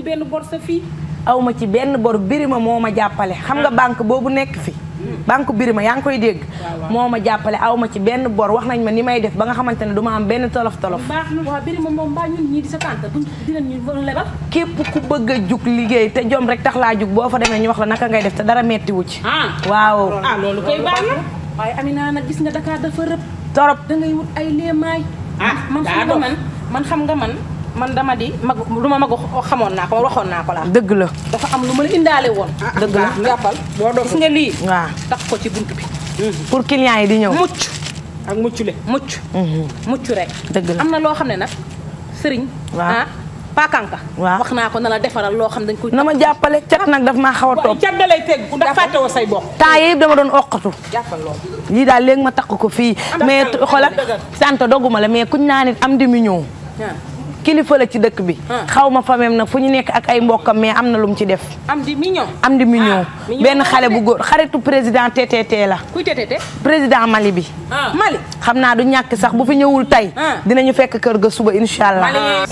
ci benn bor sa fii aw ma ci benn bor birima moo ma jàppale xam nga ah. banque boobu nekk fii hmm. banque ma yaa ngi koy dégg moo ma jàppale aw ma ci benn bor wax nañ ma ni may def ba nga xamante ne duma am benn tolof tolof baax na waa moom mbaa sa tante duñ dinañ képp ku bëgg a jug liggéey te jom rek tax laa jug boo fa demee ñu wax la naka ngay def te dara mettiwu ci ah. waaw ah loolu koy baax na waaye Amina nag gis nga Dakar dafa rëb torop da ngay ay léemaay ah, man xam nga man man xam nga man man dama di mag lu ma mag xamoon naa ko waxoon naa ko laa. dëgg la dafa am lu ma la indaale woon. Ah, dëgg la ah, jàppal boo doon gis nga lii. waaw tax ko ci buntu bi. Mhm. pour yi di ñëw. mucc ak mucc le mhm. mucc. mucc rek. dëgg am na loo xam ne nag sëriñ. waaw ah, paakanka waa wax naa ko na la defaral loo xam dañ koy. na ma jàppale cat nag daf maa xaw a toog. cat da lay say bopp. temps yii dama doon oqatu. jàppal loolu. lii daal léegi ma takk ko fii. mais xoolal sant doguma la mais kuñ naa nit am demi ñëw kilifa la ci dëkk bi. Ah. xaw ma famem nag fu ñu nekk ak ay mbokkam mais am na lu mu ci def. am di mignon am di mignon ah, benn xale bu góor xaritu président TTT la. kuy TTT. président Mali bi. Ah. Mali xam naa du ñàkk sax bu fi ñëwul tey. dina ñu fekk kër ga suba incha allah. Mali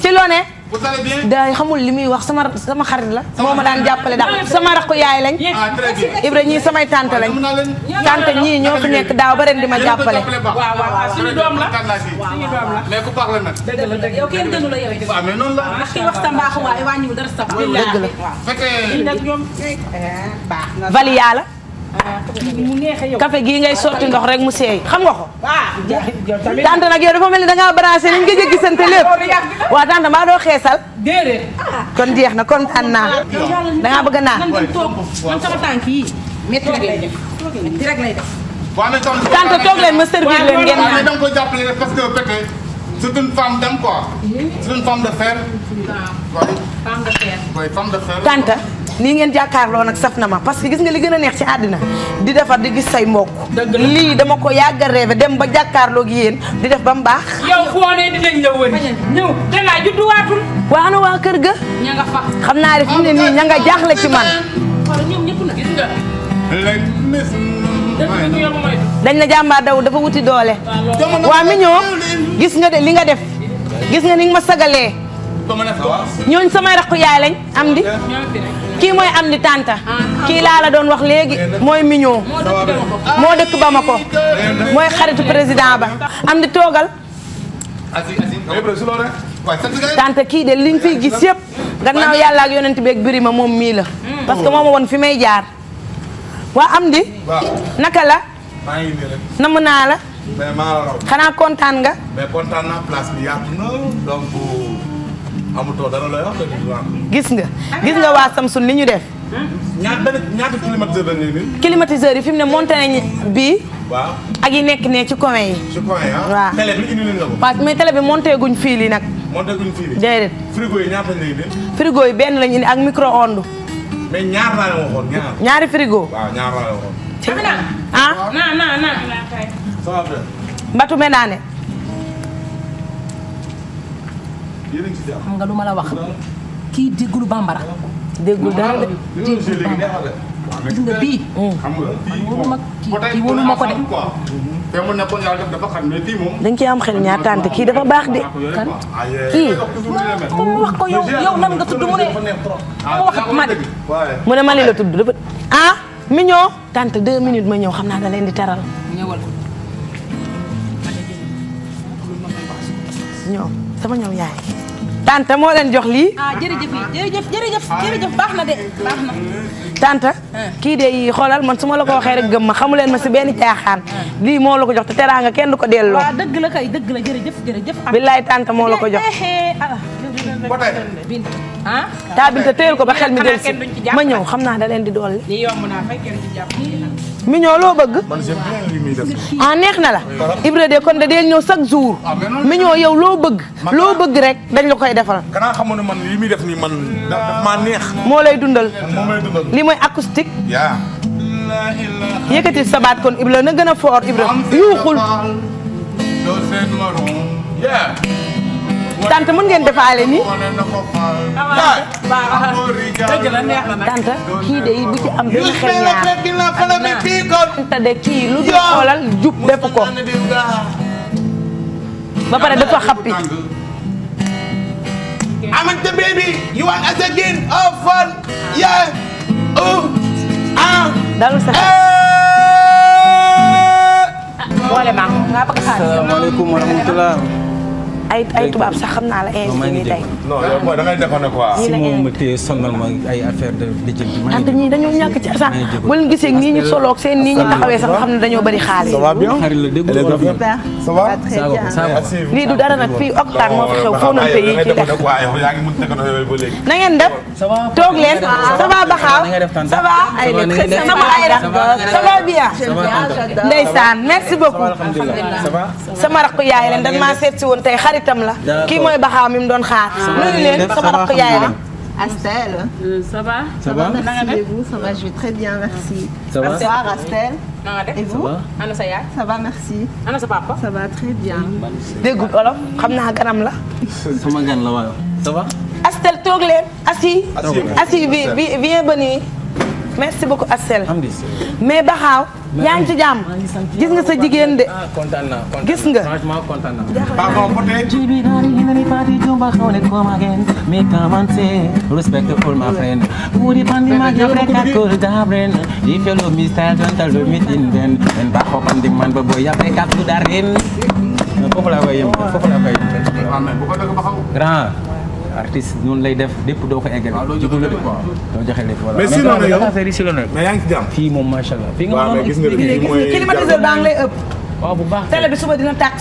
ci loone vous xamul li muy wax sama sama xarit la. ma daan jàppale daal sama rakku yaay lañ. Ah, Ibra ñii samay tante lañ. Ah, tante ñii ñoo fi nekk daaw ba ren di ma jàppale. waaw waaw doom la suñu la. ki wax sa mbaaxu waay wàññiwul dara sa. dëgg la waaw eh, la. café gii ngay sotti ndox rek mu seey xam nga ko. Ah, tante nag yow dafa mel ni da ngaa branché ni nga jéggi sant lépp. waaw tante maa doo xeesal. déedéet. kon jeex na kon an naa. da ngaa bëgg a naan. man sama tànk yi métti rek lay def métti tante toog leen ma servir leen ngeen da nga que Bété c'est une femme d'homme quoi. c'est une femme tante. lii ngeen jàkkaarloo nag saf na ma parce que gis nga li gën a neex ci àddina di defar di gis say mbokk lii dama ko yàgg a dem ba jàkkaarloo gi yéen di def ba mu baax yow foo ne dinañ waa ana waa kër ga xam naa ne fi ne nii ña nga jaaxle ci man dañ na jàmbaar daw dafa wuti doole waa mi ñoo gis nga de li nga def gis nga ni nga ma sagalee ñooñ samay rakku yaay lañ am di kii mooy am di tànta ah, kii ah. laa la doon wax léegi mooy miñoo moo dëkk ko mooy xaritu président ba am di toogal tànta kii de liñ fiy gis yëpp gannaaw yàlla ak yonent beeg ma moom mii la hmm. parce que mooma woon fi may jaar waa am di naka la namm naa la xanaa kontaan nga amutoo dara lay gis nga gis nga waa Samsung li ñu def. ñaata ñaata yi fi mu ne monté bi bii. ak yi nekk ne ci coin yi. ci coin yi ah. mais télé bi monté guñ fii lii nag. monté guñ frigo yi benn lañu indi ak micro onde. ñaar laa leen waxoon ñaar. ñaari frigo. ah. Mbatu Mbénaane. xam nga lu ma la wax kii déggul bambara. déggul dara de déggul bambara. gis nga bii. xam nga bii moom kii wóolu ma ko de. te mu nekkoon yàlla def dafa xam ne kii moom. dañ ciy am xel ñaar tante kii dafa baax de. kan kii. wax ko yow yow lan nga tudd mu ne. mu wax ah, Mali. mu ne Mali la tudd dafa ah mi ñoo. tante deux minutes ma ñëw xam naa da leen di teral. ñëwal. ñoo sama ñëw yaay. tante moo leen jox lii. ah jërëjëf jërëjëf jërëjëf jërëjëf baax ah. kii de xoolal man su ma la ko waxee gëm ma xamu leen ma si benn caaxaan. Ah. lii moo la ko jox te teraanga kenn du ko delloo. waaw dëgg la kay dëgg la jërëjëf jërëjëf. Ah. billaay tante moo la ko jox. Eh, eh, eh, ah. binta téyel ko ba xel mi del si ma ñëw xam naa da leen di dool lii yomb naa fay kenn du mi loo bëgg. man j'aime ah, neex na la. Ibra de kon da deel ñëw chaque jour. Ah, mi ñoo yow loo bëgg. loo bëgg rek dañ la koy defal. kanaa xamoon ne man li muy def nii man daf maa neex. moo lay dundal. lii lay dundal li mooy acoustique. yaa. yëkkati sa baat kon Ibra na gën a fort Ibra yuuxul. tante mën ngeen defaale nii. tante kii de bu ci am benn xel ñaar tante de kii lu dul xoolal ko ba pare dafa xappi. amante baby you want us again oh fun yeah ay ay tubaab sax xam naa la invité nii tey. non yow mooy da ngay defoon quoi. si moom te sonal ma ay affaire de lijjanti. maa ngi déglu dañoo ñàkk ci sax bu leen gisee nii ñu soloog seen nii ñu taxawee sax xam ne dañoo bëri xaalis. ça va bien ça va ça va lii du dara nag fii octane moo fi merci beaucoup sama rakk yaay leen dañ maa seet si woon xarit xaritam la. kii mooy baxaaw mi mu doon xaar. nuyu leen sama rakk yaay la. Astel. Euh, ça va. ça va merci et vous ça va je vais très bien merci. ça va bonsoir Astel. na nga def et vous. ana sa yaay. ça va merci. ana sa papa. ça va très bien. déggul olof xam naa ganam la. sama gan la waaw ça va. Astel toog leen assis. assis bi bi bienvenue. merci beaucoup Asel. mais Baxaaw. yaa ngi ci jàmm gis nga sa jigéen de. Ah, kontaan naa kontaan naa gis nga. franchement kontaan naa. pardon Poté. Me kamante, respect all my friend. Who depend the magic like a cold darling. If you love me, start don't tell me in then. And back up and the man boy, ya pay kat lu darin. Foofu laa koy yem, foofu laa koy yem. Grand. artiste noonu lay def lépp doo ko eggale. waaw doo joxe lépp doo joxe lépp voilà. mais si la nekk affaire yi si la nekk. mais yaa ngi ci jàmm. fii moom fii bu baax télé bi suba dina tàkk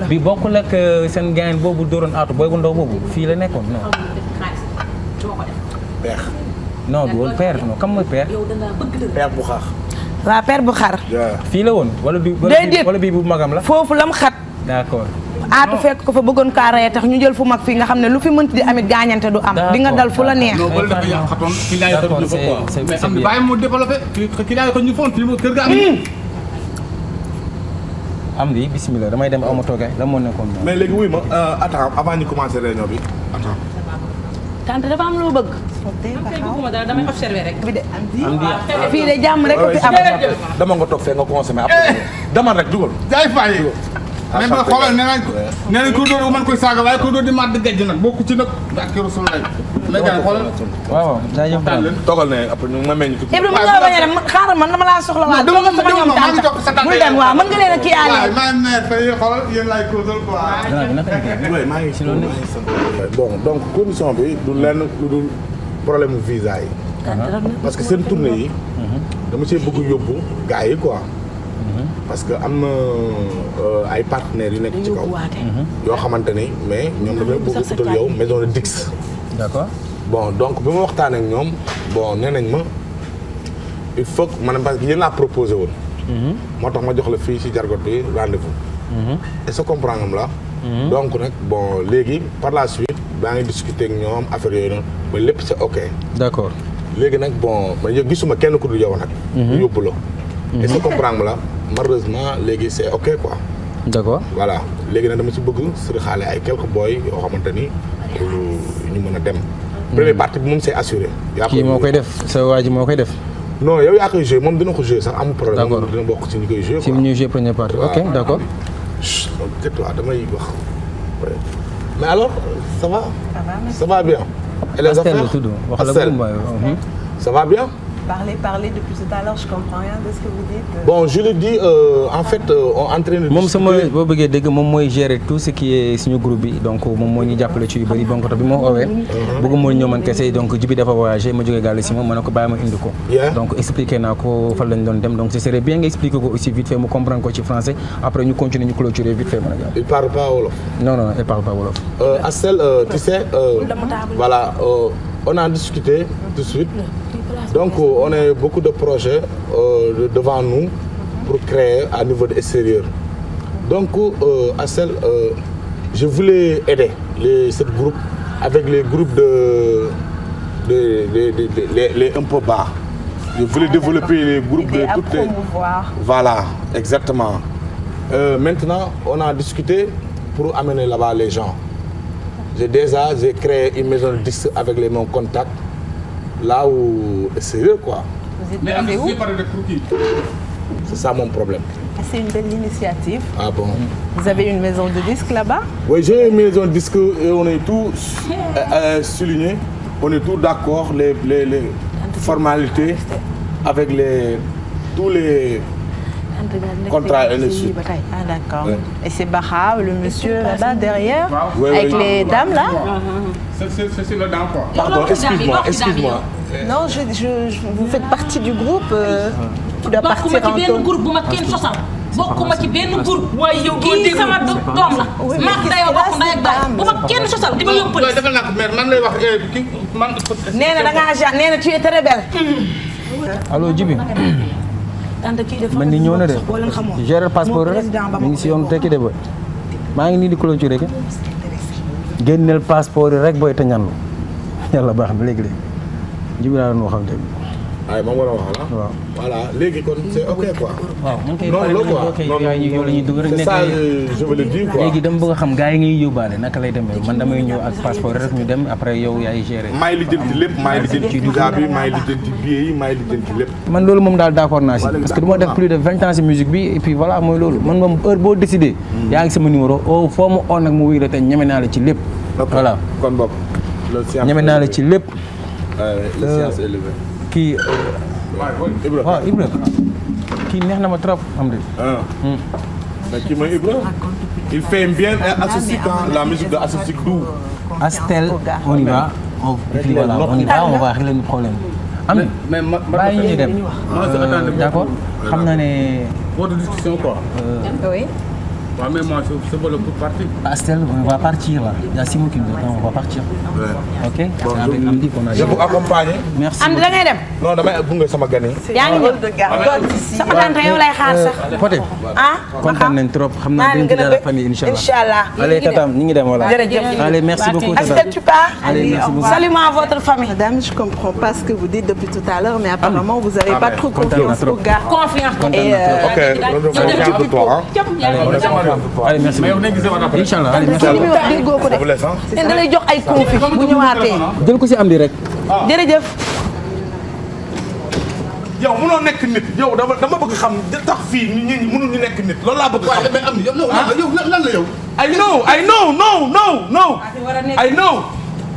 la. bi bokkul ak euh, seen gain boobu dóoroon aatu bu ndaw boobu fii la nekkoon non. peex. non du kam mooy peer. peer bu bu xaar. fii la woon wala bi bu magam la. foofu lam xat d'accord aatu fekk ko fa bëggoon kaa rey tax ñu jël fu mag fi nga xam ne lu fi mënti di amit gaañante du am di nga dal fu la neex am di bismillah damay dem aw ma toogee la moo nekkoon mais léegi wuy ma euh, attends avant ñu commencer réunion bi attends tant dafa am loo bëgg. damay observer rek. Ah, fii de jàmm rek fi am. dama nga toog fee nga consommer après. Eh! dama rek dugal. jaay fay même ba xoolal nee nañ ko nee nañ ko dóor mën koy saaga waaye ko dóor di màdd gajj nag bokku ci nag ak kër Rasulullah mais gars yi xoolal waaw jaajëf toogal ne après ñu ma meñ ko Ibrahima mu nga bañ a dem xaaral man dama laa soxla waa dama nga bañ a dem maa ngi topp sa tante dem waaw mën nga leen a kii aale waaw maa ne fa yi xoolal yéen laay kóosal quoi maa ngi ci loolu bon donc condition bi du lenn lu dul problème mu visa yi ah. parce que seen tournée yi mhm. dama cee bëgg yóbbu gars yi quoi mhm. parce que am na ay partenaires yu nekk ci kaw. yoo xamante ni mais ñoom dañu la bëgg utal yow maison de Dix. d'accord bon donc bi ma waxtaanee ñoom bon nee nañ ma il faut que man parce que yéen laa woon. Mhm. moo tax ma jox la fii ci jargot bi rendez-vous. est-ce que la. donc nag bon léegi par la suite daa ngi discuter ak ñoom affaire yooyu noonu ba lépp c'est ok. d'accord léegi nag bon ma man gisuma kenn ku dul yow nag. Mhm. yóbbu la. est-ce que la malheureusement léegi c'est ok quoi. d'accord voilà léegi na dama ci bëgg sërxaale ay quelques boy yoo xamante ni ñu mun a dem. première hmm. partie bi moom c'est assuré. yaa kii moo koy def sa waa ji moo koy def. non yow yaa koy joué moom dina ko joué sax amul problème. d'accord moom dina bokk ci ñu koy joué. ci ñuy joué première partie ok d'accord. waaw damay wax. mais alors ça va. ça va ça va bien. et les affaires Astel tudd parler, parler depuis tout à l'heure, je comprends rien de ce que vous dites. Bon, je le dis, euh, en fait, euh, on est en train de moom sama boo bëggee dégg moom mooy gérer tout suñu groupe bi donc moom moo ñu jàppale ci yu bëri donc bi moo oowee mhm. bëgg mooy ñëw man kese donc jibi dafa voyagé ma jógee gàllu si moom ma ne ko bàyyi ma indi ko donc expliqué naa ko fan lañ doon dem donc ce serait bien nga expliqué ko aussi vite fait mu comprendre ko ci français après ñu continuer ñu vite fait mën a il parle pas wolof non non il parle pas wolof euh, Astel euh, tu sais euh, voilà on a discuté tout de donc euh, on a beaucoup de projets euh, devant nous pour créer à niveau extérieur donc euh, Assel euh, je voulais aider les sept groupes avec les groupes de de les les un peu bas je voulais ah, développer les groupes de toutes exactement euh, maintenant on a discuté pour amener là-bas les gens j'ai déjà j'ai créé une maison de disques avec les mon contacts là où c'est eux quoi. Vous êtes Mais on est séparé de Croquis. C'est ça mon problème. Ah, c'est une belle initiative. Ah bon. Vous avez une maison de disques là-bas? Oui, j'ai une maison de disques et on est tous euh, euh soulignés, on est tous d'accord les les les formalités avec les tous les contrat énergie ah d'accord et c'est Baha le monsieur là-bas derrière. avec les dames là. Ah, ah, ah. c'est le dame quoi. pardon excuse-moi excuse-moi. non je je vous faites partie du groupe. Euh, tu dois partir en benn groupe bu ma kenn sosal. bokkuma ci benn groupe. waaye yow kii sama doom la. maak dayoo bokk ndey ak baay bu ma kenn sosal di ma yóbbu. loolu defal naa ko mère man lay wax eh, man. nee na da ngaa ja nee na tu es très belle. allo Djibi. man ni ñëw na de gérer passeport rek mi ngi si yoon tekki maa ngi nii di clôture rek génneel passeport yi rek booy te ñanlu la baax ma léegi-léegi jiw laa doon waxal dégg waaye moom war a waaw voilà léegi kon c' waaw man kay pare nañu ok gars la ñuy dugg rek. nekk euh, a xam gars yi ngay yóbbaale naka lay demee man damay ñëw ak passeport rek ñu dem après yow yaay gérer. maay lijjanti lépp maay lijjanti visa bi lépp. man loolu moom daal d' accord naa parce que du ma def plus de vingt ans si musique bi et puis mooy loolu man moom heure boo décidé. Hmm. yaa ngi sama numéro oh foo mu on nag mu wuyu la te ñeme naa la ci lépp. voilà kon ñeme naa la ci lépp. la kii. Ibra waaw Ibra. kii neex na ma trop am de. Ah. Hmm. mais kii mooy Ibra. il fait bien acoustique la musique de acoustique doux. Astel on y va on voilà on y va on va régler le problème. am na bàyyi ñu dem d'accord xam naa ne. mode de discussion quoi. Euh, oui. Ouais, mais moi, c'est bon, pour partir. Astel, on va partir là. Il y a Simon qui nous attend, on va partir. Ouais. Ok bon, avec Amdi qu'on a. Je vous accompagne. Merci. Amdi, da ngay dem. Non, damay gunge sama gan yi. yaa ngi ñëw sama gan yow lay xaar sax. Euh, Poté. Ah kontaan nañ trop xam naa dañ ci dara fan yi inshallah. Inshallah. Allez tatam ñu ngi dem voilà. Jërëjëf. Allez merci beaucoup tatam. Est-ce que tu pars? Allez merci beaucoup. Salut à votre famille. Madame, je comprends pas ce que vous dites depuis tout à l'heure mais apparemment vous avez ah, pas trop confiance au gars. Confiance. Euh, OK. Aliou merci beaucoup incha allah Aliou merci beaucoup. da lay jox ay confit bu ñëwaatee. jël ko si am di rek. Ah. jërëjëf. yow mënoo nekk nit yow dama dama bëgg xam tax fii nit ñi mënuñu nekk nit loolu laa bëgg xam. waaye am ah. yow lan la yow. I know I know no no no. I know.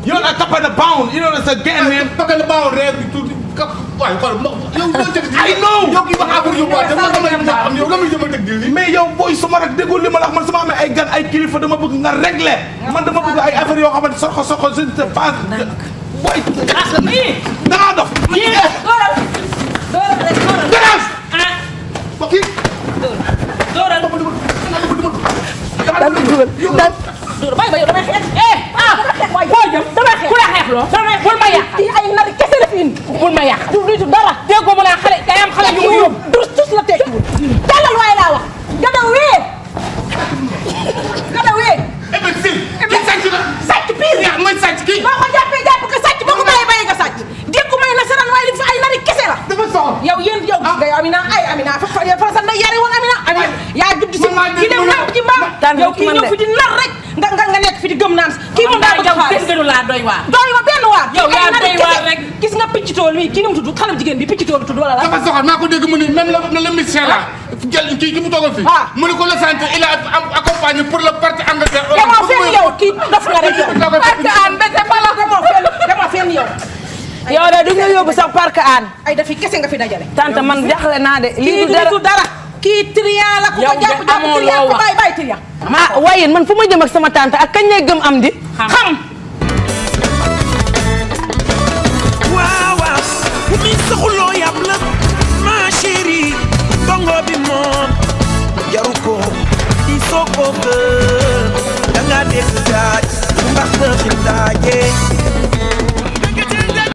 You're a capable bound. You know it's a game man. ka waaye xool ma yow loo jënd ay non yow kii wax affaire yu baax dama dama leen am yow dama jëm a dëgg nii mais yow booy sama rek déggul li ma la wax man sama amee ay gan ay kilifa dama bëgg nga régler man dama bëgg ay affaire yoo xamante soxo soxo je ne sais pas booy da ngaa dof kii dooral dooral rek dooral dooral ah bokki dooral dama dugal dama dugal yow dooral bàyyi ba yow damay xeex eh ah booy jëm loo. damay bul ma yàq kii ay nar kese la fi indi. bul ma yàq du nitu dara. déggoo mu ne xale kay am xale yu mu yóbbu. tus tus la tekkiwul. tàllal waaye laa wax. gadaw wee. gadaw wee. émission bi sàcc na. sàcc pire. yaa mooy sàcc kii. boo ko jàppee jàpp ko sàcc boo ko bàyyi bàyyi nga sàcc. déggu may nasaraan waaye li fi ay nari kese la. dafa soxla yow yéen yow. ah ngay Amina ay Amina fa fa yare woon Amina. Amina yaa judd si. man maa ngi leen di mën a yow kii ñëw fi di nar rek nga nga nga nekk fi di gëm naan kii moom daa bëgg xaalis yow laa doy waar doy waar benn waar yow yaa doy waar rek gis nga picc tool mi kii nu mu tudd xanam jigéen bi picc tool tudd wala la dafa soxal ko dégg mu ne même la la kii ki mu toogal fii ah. mu ne ko la santé il a accompagné pour le parti Angleterre dama fenn kii daf nga rek parti Angleterre bala fenn dama fenn de du nga yóbbu sax parc ay dafi kese nga fi dajale tante man jaxle naa de lii du dara kii trian la ko jàpp jàpp trian ko bàyyi bàyyi trian ah waaye man fu ma jëm ak sama tante ak kañ lay am di xam waaw waaw mi saxuloo yàpp la ma chérie bongo bi moom jaru ko soo ko gën danga dégg daaj mbax na fi daaje